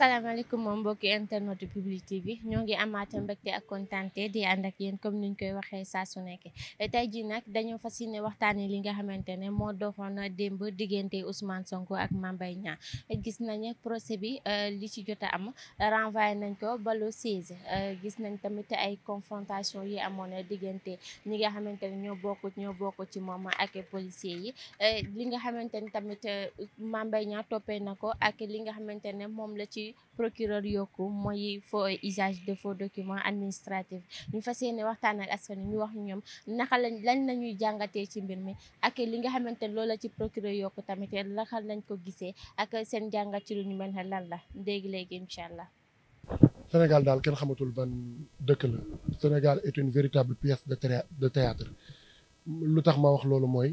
asalaamaaleykum moom mbokki internet Public TV ñoo ngi amaate mbégte ak kontante di ànd ak yéen comme niñ koy waxee saa su nekkee tey jii nag dañoo fas yéene waxtaanee li nga xamante ne moo doxoon démb diggante Ousmane Sonko ak Mame Mbaye Niang gis nañu procès bi euh, li ci jot am renvoyé nañ ko ba le 16 euh, gis nañ tamit ay confrontation yi amoon diggante ñi nga xamante ne ñoo bokk ñoo bokk ci moom ak policier yi euh, li nga xamante ne tamit Mame Mbaye Niang toppee na ko ak li nga xamante ne moom la ci. bi procureur yokku mooy faux et usage de foo documents administratifs ñu fas yéene waxtaan ak askan ñu wax ñoom naka lañ lañ la ñuy jàngatee ci mbir mi ak li nga xamante ne la ci procureur yokku tamit la naka nañ ko gisee ak seen jàngat ci lu ñu mel ne lan la léegi léegi incha allah. Sénégal daal kenn xamatul ban dëkk la Sénégal est une véritable pièce de théâ de théâtre lu tax ma wax loolu mooy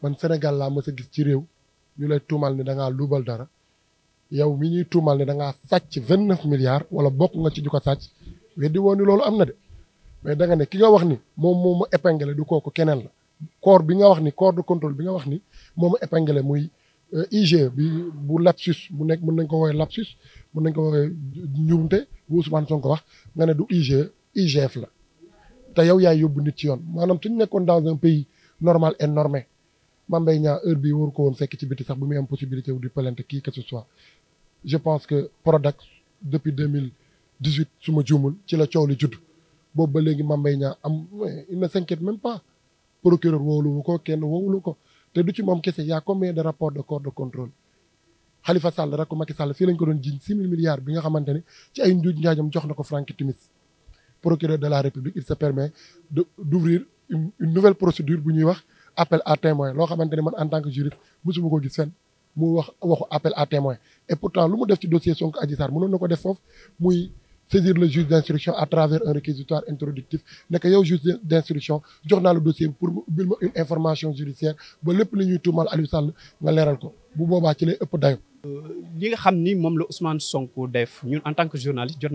man Sénégal laa mës gis ci réew ñu lay tuumal ni da ngaa dara. yow mi ñuy tuumal ne da ngaa sàcc vingt neuf milliards wala bokk nga ci ju ko sàcc weddi woon ni loolu am na de mais da nga ne ki nga wax ni moom moo ma épinglé du kooku keneen la corps bi nga wax ni corps de contrôle bi nga wax ni moo ma épinglé muy euh, IG bi bu lapsus bu nekk mën nañ ko woowee lapsus mën nañ ko woowee njuumte bu Ousmane Sonko wax nga ne du IG IGF la te yow yaay yóbbu nit ci yoon maanaam suñ nekkoon dans un pays normal et normé Mame Mbaye Niang heure bi waru ko woon fekk ci biti sax bu muy am possibilité wu di plainte kii que ce soit je pense que Prodac depuis 2018, mille dix huit c'est ci la coow li judd boobu ba léegi Mame am il ne s'inquiète même pas procureur woowulu ko kenn woowulu ko te du ci moom il y a combien de rapports de corps de contrôle Khalifa Sall rakku Macky Sall fii lañ ko doon jiñ six milliards bi nga xamante c'est ci ay njuuj njaajam jox na ko Franck Timis procureur de la République il se permet d'ouvrir une nouvelle procédure bu wax appel à témoin loo xamante man en tant que juriste mosuma ko gis mu appel à témoin et pourtant le dossier Sonko saisir le juge d'instruction à travers un réquisitoire introductif Le juge d'instruction journal le dossier pour une information judiciaire ba le tout euh, Sonko en tant que journaliste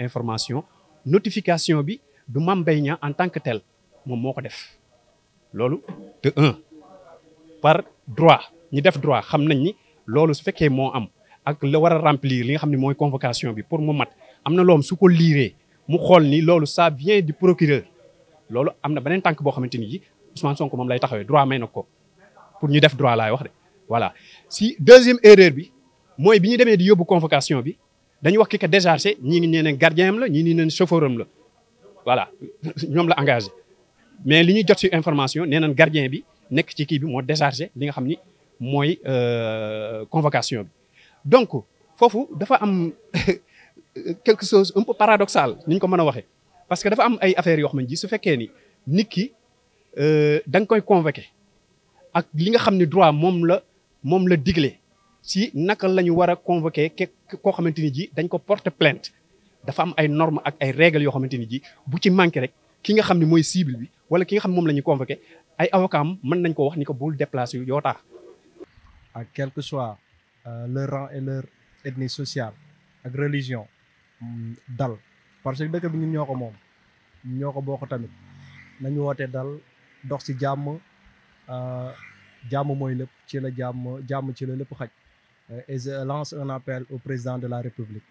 information notification bi du en tant que tel un par droit ñi def droit xam nañ ni loolu su fekkee moo am ak la war a remplir li nga xam ne mooy convocation bi pour mu mat am na loom su ko liiree mu xool ni loolu ça vient du procureur loolu am na beneen tànk boo xamante ni Ousmane Sonko moom lay taxawee droit may na ko pour ñu def droit laay wax de voilà. si deuxième erreur bi mooy bi ñu demee di yóbbu convocation bi dañu wax ki ko déchargé ñii ngi gardien am la ñii ni neen chauffeur am la voilà ñoom la engagé mais li ñu jot si information nee nañ gardien bi nekk ci kii bi moo déchargé li nga xam ni euh, convocation donc fofu dafa am quelque chose un peu paradoxal niñ ko mën waxé parce que dafa am ay affaire yo xam ji su fekkee ni nit ki euh, da koy convoqué ak li nga xamni ne droit mom la mom la digle si naka lañu wara convoquer a convoqué koo ji dañ ko porter plainte dafa am ay normes ak ay règles yo xamanteni ji bu ci manquer rek ki nga xamni ne cible bi wala ki nga xam mom lañu convoquer convoqué ay avocats mën nañ ko wax ni ko bul déplacer yo tax à quel que soit euh, leur rang et leur ethnie sociale leur religion mm, dal parce que dëkk bi ñun ñoko mom ñoko boko tamit nañu woté dal dox ci euh jamm moy lepp ci la jamm jamm ci la xaj euh, et je lance un appel au président de la république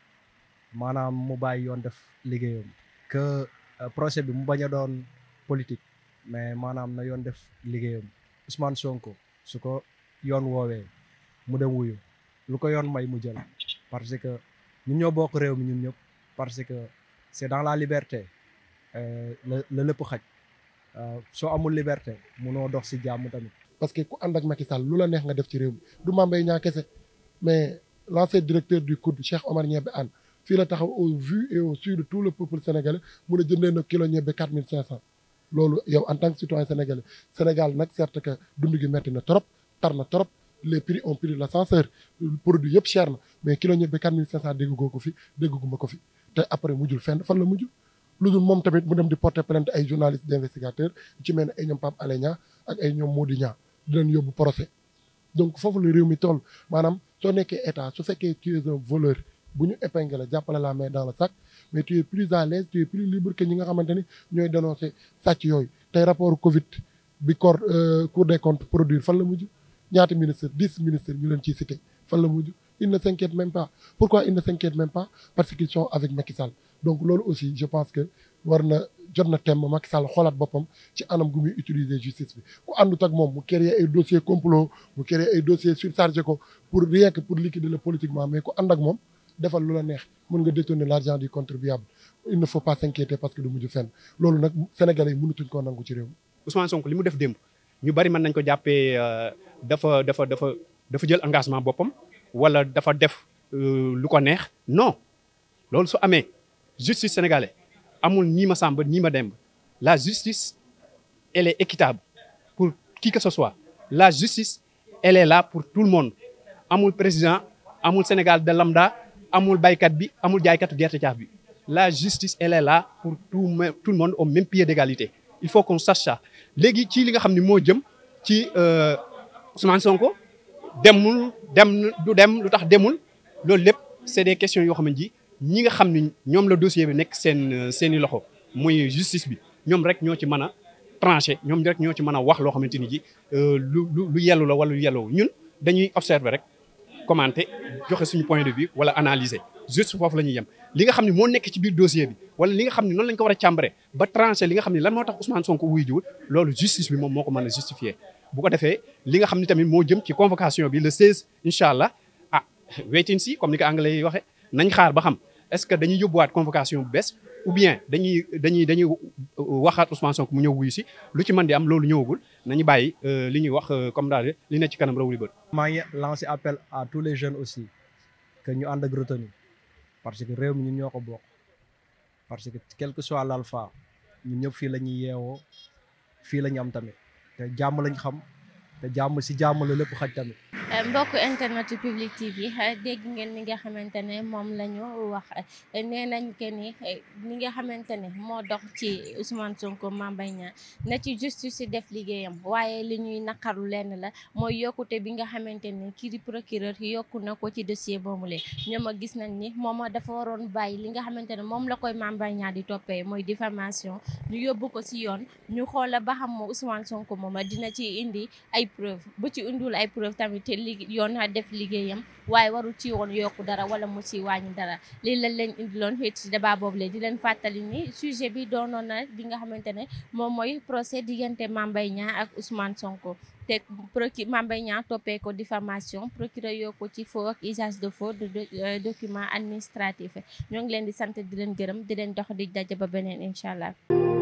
manam mu bay yoon def liggéeyam que euh, procès bi mu baña politique mais manam na yoon def liggéeyam Ousmane Sonko suko ko yoon mu dem wuyu lu ko yoon may mu jël parce que ñun ñoo bokk réew mi ñun ñëpp parce que c'est dans la liberté la euh, la lépp xaj euh, soo amul liberté munoo dox ci jàmm tamit. parce que ku ànd ak Macky Sall lu la neex nga def ci réew mi du Mame Mbaye Niang kese mais l'ancien directeur du COUD Cheikh Omar Niébé Anne fii la taxaw au vu et au su de tout le peuple sénégalais mun a jëndee na kilo ñebe quatre mille cinq cent loolu yow en tant que citoyen sénégalais nag certes que dund gi metti na trop tar na trop les prix ont pris l'ascenseur produit yëpp cher mais kilo ñebe quatre mille cinq cent déggoo ko fi dégguma ko fi té après mujjul fenn fan la mujj ludul mom tamit mu dem di porter plainte ay journalistes d'investigateurs ci mel ay ñom Pape Alé ak ay ñom Mody Niang di leen yobbu procès donc fofu la réew mi toll manam soo nekkee état su fekkee tu es un voleur buñu ñu épinglé la jàppale la main dans le sac mais tu es plus à l'aise tu es plus libre que ñi nga xamante ñoy ñooy dénoncer sàcc yoy tey rapport Covid bi euh, Cour des comptes produire fan la mujj y ministre 10 ministres ñu leen ciy cité fan la mujj il ne s'inquiète même pas pourquoi il ne s'inquiète même pas parce qu'ils sont avec Macky Sall donc loolu aussi je pense que war na jot Macky Sall xoolaat boppam ci anam gu muy utiliser justice bi ku andut ak moom mu créer dossier complot mu créer ay dossier surchargé ko pour rien que pour liquider le politiquement mais ku ànd ak moom defal lu la neex mën nga détourner l'argent du contribuable il ne faut pas s'inquiéter parce que du mujj fenn loolu nag sénégalais yi mënutuñ koo nangu ci réew Ousmane Sonko li mu def démb ñu bari mën nañ ko jàppee euh, dafa dafa dafa dafa jël engagement boppam wala dafa def euh, lu ko neex non loolu su amee justice sénégalais amul nii ma sàmb nii ma demb la justice elle est équitable pour qui que ce soit la justice elle est là pour tout le monde amul président amul Sénégal de lambda amul baykat bi amul jaaykatu gerte caaf bi la justice elle est là pour tout tout le monde au même pied d'égalité il faut qu'on sache ça léegi ci li nga xam ni moo jëm ci euh, Ousmane Sonko demul dem du dem lutax demul loolu lepp c'est des questions yo xam ji ñi nga xamni ñom ñoom la dossier bi nek sen seni loxo muy justice bi ñom rek ño ci mëna trancher ñom rek ño ci mëna wax lo xamante ni ji euh, lu lu lu yellu la wala lu yellu ñun dañuy observer rek commenter joxe suñu point de vue wala analyser juste fofu lañuy yem li nga xamni mo nek ci biir dossier bi wala li nga xamni non lañ ko wara chambrer ba trancher li nga xamni lan moo tax Ousmane Sonko wuy jiwul loolu justice bi mom moko ko justifier bu ko defee li nga xamni tamit mo jëm ci convocation bi le 16 inshallah ah wait and see comme ni ko anglais yi waxee nañ xaar ba xam est-ce que dañuy yóbbuwaat convocation bu bees ou bien dañuy dañuy dañuy euh, waxat Ousmane Sonko mu ñëw wuy ci lu ci man di am lolu ñëwagul nañu bayyi euh, li ñuy wax euh, comme dal li ne ci kanam rawuli bët. maa ngi lancé appel à tous les jeunes aussi que ñu ànd ak retenu parce que rew mi ñun ñoko bok parce que quel que soit l'alpha ñun ñëpp fi lañuy yéwo fi fii am tamit. te jàmm lañ xam jàmm si jàmm la lépp xaj mbokk internet public tv dégg ngeen li nga xamante ne moom la ñu wax nee nañ que ni li nga xamante ne moo dox ci Ousmane Sonko Mame Mbaye Niang na ci justice si def liggéeyam waaye li ñuy naqaru lenn la mooy yokkute bi nga xamante ne kii di procureur yokku na ko ci dossier boobule ñoom a gis nañ ni moom ma dafa waroon bàyyi li nga xamante ne moom la koy Mame Mbaye Niang di toppee mooy diffamation ñu yóbbu ko si yoon ñu xoola ba xam moo Ousmane Sonko mooma dina ci indi ay preuve bu ci indul ay preuve tamit yoon a def liggéeyam waaye waru ci woon yokk dara wala mu ci wàññi dara lii la leen indiloon loon ci débat boob lee di leen fàttali ni sujet bi doonoon na bi nga xamante ne moom mooy procès diggante Mame Mbaye Niang ak Ousmane Sonko te procu Mame Mbaye Niang toppee ko diffamation procureur yoo ci faux ak usage de faux de euh, document administratif ñoo ngi leen di sant di leen gërëm di leen dox di daje ba beneen incha allah